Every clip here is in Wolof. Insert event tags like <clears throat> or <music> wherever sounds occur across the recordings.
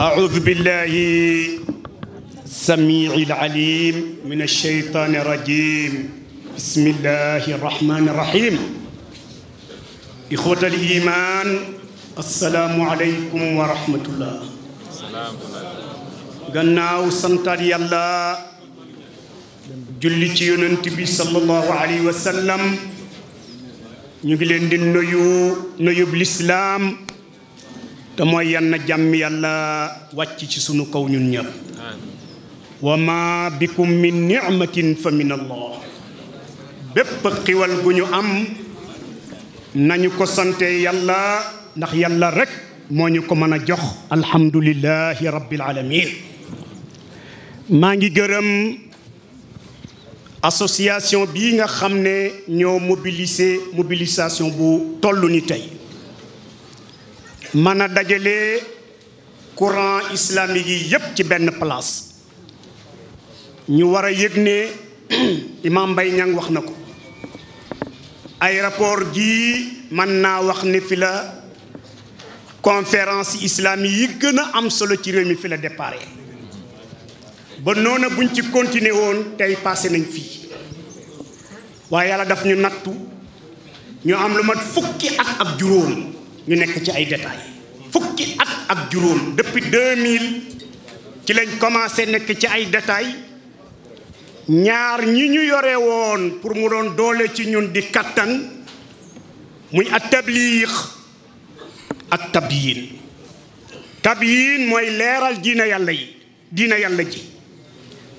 أعوذ بالله السميع العليم من الشيطان الرجيم بسم الله الرحمن الرحيم إخوة الإيمان السلام عليكم ورحمة الله gannaaw santaat yàlla julli ci yonent bi sallallahu alayhi wa sallam ñu ngi leen di nuyu nuyub lislaam te mooy yan na jàmm yàlla wàcc ci suñu kaw ñun ñëpp wa bi bikum min ni'matin fa min allah bépp xiwal bu ñu am nañu ko sante yàlla ndax yàlla rek moo ñu ko mën a jox alhamdulillahi rabbil alamin maa ngi gërëm association bii nga xam ne ñoo mobilisé mobilisation bu tollu ni tey mën a dajale courant islamique yi yépp ci benn place ñu war a yëg ne <clears throat> imam Mbaye Niang wax na ko ay aéroport gi mën naa wax ni fi la conférence islamique yi gën a am solo ci réew mi fi la départ ba noona buñ ci continuer woon tey passé nañ fii waaye yàlla daf ñu nattu ñu am lu mat fukki at ak juróom ñu nekk ci ay détails fukki at ak juróom depuis 2000 ci lañ commencé nekk ci ay détails ñaar ñi ñu yore woon pour mu doon doole ci ñun di kattan muy at tabliix ak tabyin tabyin mooy leeral diina yàlla yi diina yàlla ji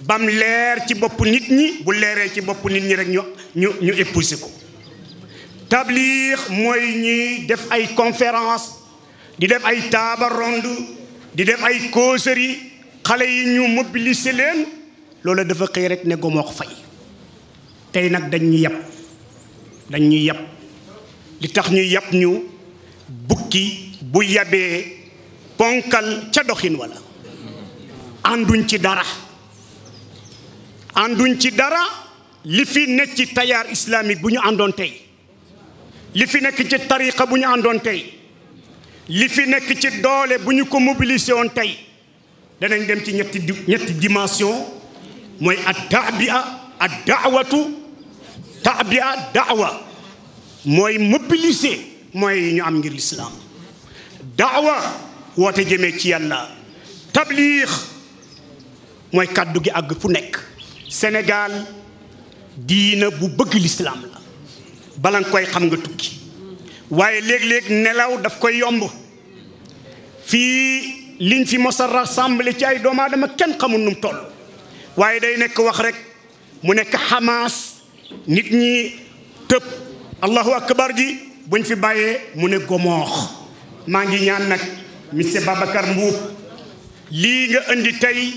bam leer ci bopp nit ñi bu leeree ci bopp nit ñi rek ñu ñu ñu ko tabliir mooy ñuy def ay conférence di def ay table ronde di def ay causerie xale yi ñu mobiliser leen loolu dafa xëy rek ne gomox fay tey nag dañ ñu yàpp dañ ñu yàpp li tax ñuy yàpp ñu bukki bu yabee ponkal ca doxin wala ànduñ ci dara ànduñ ci dara li fi nekk ci tayaar islamique bu ñu àndoon tey li fi nekk ci tariqa bu ñu àndoon tey li fi nekk ci doole bu ñu ko mobilisé woon tey danañ dem ci ñetti ñetti mooy at taabia ad daawatu taabia daawa mooy mobiliser mooy ñu am ngir lislaam daawa woote jëmee ci yàlla tabliix mooy kàddu gi àgg fu nekk Sénégal diina bu bëgg lislaam bala koy xam nga tukki waaye léeg-léeg nelaw daf koy yomb fii liñ fi mos a rassemblé ci ay doomu aadama kenn xamul nu mu toll waaye day nekk wax rek mu nekk xamaas nit ñi tëb allahu akbar ji buñ fi bàyyee mu ne gomoox maa ngi ñaan nag monsieur Babacar Mbuub lii nga indi tey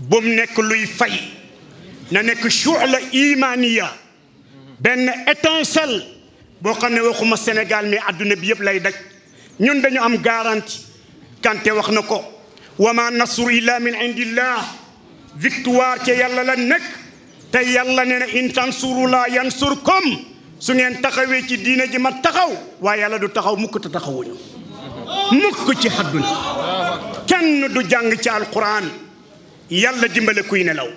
bum nekk luy fay na nekk suux la imaaniya benn étincelle boo xam ne waxuma senegal mais àdduna bi yëpp lay daj ñun dañu am garantie kante wax na ko wa ma nasru illa min indillah victoire ca yàlla la nekk te yàlla nee na in tansuru la yansurkum su ngeen taxawee ci diina ji ma taxaw waaye yàlla du taxaw mukk te taxawuñu mukk ci àdduna kenn du jàng ci alquran yàlla dimbale kuy nelaw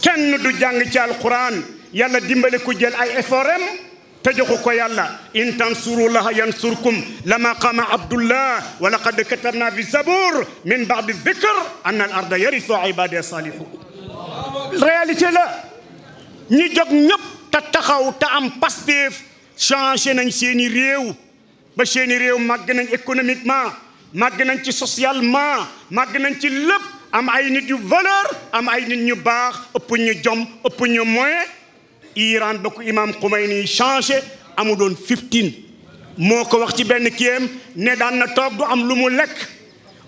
kenn du jàng ci alquran yàlla dimbale ku jël ay efforem te joxu ko yàlla in tansurullaha yansurkum lama qaama abdullah wa laqad katabna fi zabour min baadi dikr anna al arda yarisu ibadiya salihun réalité la ñi jóg ñëpp te taxaw te am Pastef changé nañ seeni réew ba seeni réew màgg nañ économiquement màgg nañ ci socialement màgg nañ ci lépp am ay nit yu valeur am ay nit ñu baax ëpp ñu moyen Iran ba ko imam Khomeini changé amu doon 15 moo ko wax ci benn kiyam ne daan na toog du am lu mu lekk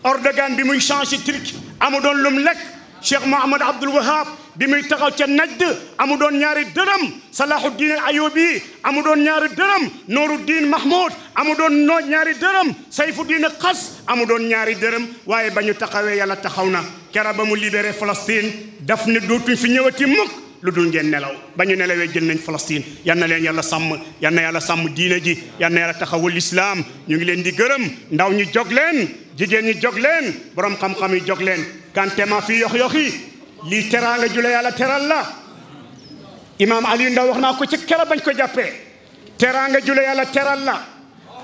Erdogan bi muy changé turc amu doon lu mu lekk Cheikh Mohammed Abdul Wahab bi muy taxaw ca Najd amu doon ñaari dërëm Salahuddin Ayyubi amu doon ñaari dërëm Nuruddin Mahmoud amu doon ñaari dërëm Sayfuddin Qas amu doon ñaari dërëm waaye ba ñu taxawee yàlla taxaw na kera ba mu libéré Palestine daf ne dootuñ fi ñëwati mukk lu dul ngeen nelaw ba ñu nelawee jël nañ Palestine yal na leen yàlla sàmm yal na yàlla sàmm diina ji yal na yàlla taxawul islaam ñu ngi leen di gërëm ndaw ñu jog leen jigéen ñi jog leen borom xam-xam yi jog leen kantema fi yox yoxi lii teraanga ju la yàlla teral la imaam Aliou ndaw wax naa ko ci kera bañ ko jàppee teraanga ju la yàlla teral la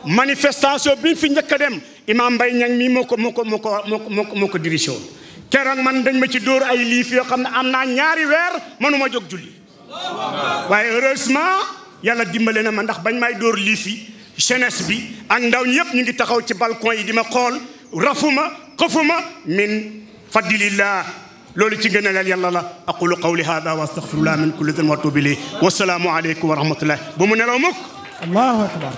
manifestation bi fi njëkk dem imaam mbay Niang mii moo ko moo ko moo ko ko moo woon keroog man dañ ma ci dóor ay liif yoo xam ne am naa ñaari weer mënuma jóg julli waaye heureusement yàlla dimbale na ma ndax bañ may dóor liif yi jeunesse bi ak ndaw ñi yëpp ñu ngi taxaw ci balcon yi di ma xool rafuma xëfuma min fadlillah loolu ci gën a leel yàlla la aqulu qawli hada wa astaghfirullah min kulli dhanbin wa atubu ilayh wa salaamu aleykum wa rahmatullah bu mu